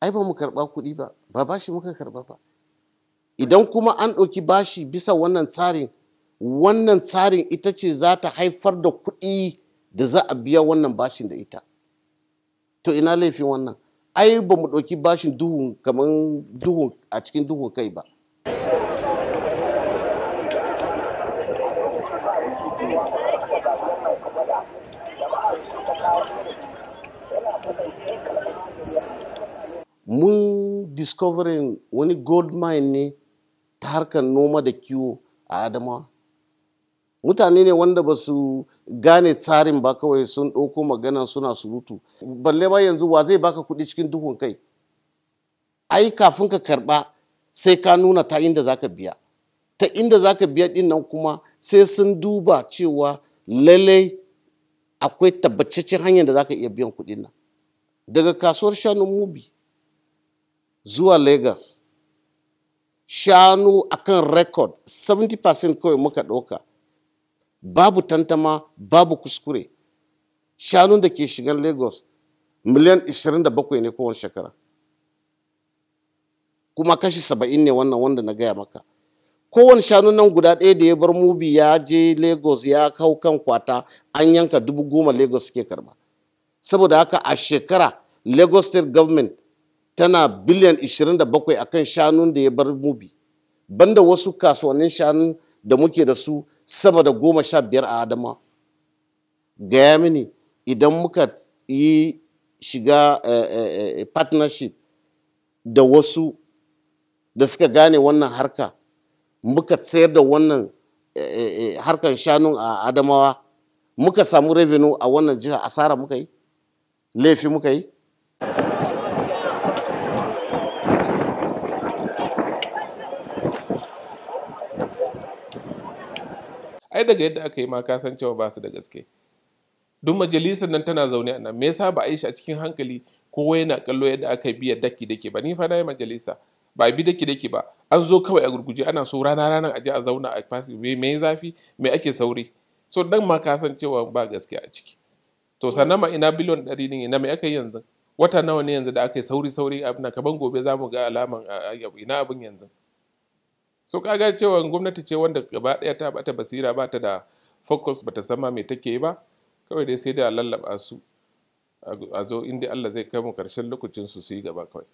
ai ba mu karba kuɗi ba ba bashi muka karba ba idan kuma an ɗauki bashi bisa wannan tsarin wannan tsarin ita ce za ta haifar da kuɗi da za a biya wannan bashin da ita to ina laifin wannan ai ba mu ɗauki bashin duhun kamar duhun a cikin duhun kai ba mun discovering wani gold mine ne ta harkar noma da kiwo a adama mutane ne wanda ba su gane tsarin ba kawai sun ɗauko magana suna surutu balle ma yanzu wa zai baka kuɗi cikin duhun kai ai kafin ka karɓa sai ka nuna ta inda za ka biya ta inda za ka biya ɗin nan kuma sai sun duba cewa lallai akwai tabbataccen hanyar da za ka iya biyan kuɗin nan daga kasuwar shanu mubi zuwa Lagos shanu a kan record 70% kawai muka ɗauka babu tantama babu kuskure shanun da ke shigan Lagos miliyan 27 ne kowane shekara kuma kashi 70 ne wannan wanda na gaya maka kowane shanu nan guda ɗaya da ya bar mubi ya je lagos ya hau kan kwata an yanka dubu goma lagos suke karba saboda haka a shekara lagos state government tana biliyan 27 kan shanun da ya bar mubi banda wasu kasuwannin shanun da muke da su sama da goma sha biyar a adama gaya mini idan muka yi shiga eh, eh, eh, partnership da wasu da suka gane wannan harka muka tsayar da wannan harkan shanun a adamawa muka samu revenue a wannan jiha asara muka yi laifi muka yi ai daga yadda aka yi ma ka san cewa ba su da gaske duk majalisar nan tana zaune a nan me yasa ba a yi shi a cikin hankali wai yana kallo yadda aka biya daki dake ba ni fa na yi majalisa ba bi daki daki ba an zo kawai a gurguje ana so rana ranar je a zauna a fasi me zafi me ake sauri so dan ma ka san cewa ba gaske a ciki to sannan ma ina biliyon ɗari ne ina mai aka yi yanzu wata nawa ne yanzu da aka yi sauri sauri abin ban gobe za mu ga alaman ina abin yanzu so kaga cewa gwamnati ce wanda gaba daya ta bata basira ba ta da focus bata san ma mai take yi ba kawai dai sai da lallaba su a zo inda Allah zai kai mu karshen lokacin su su yi gaba kawai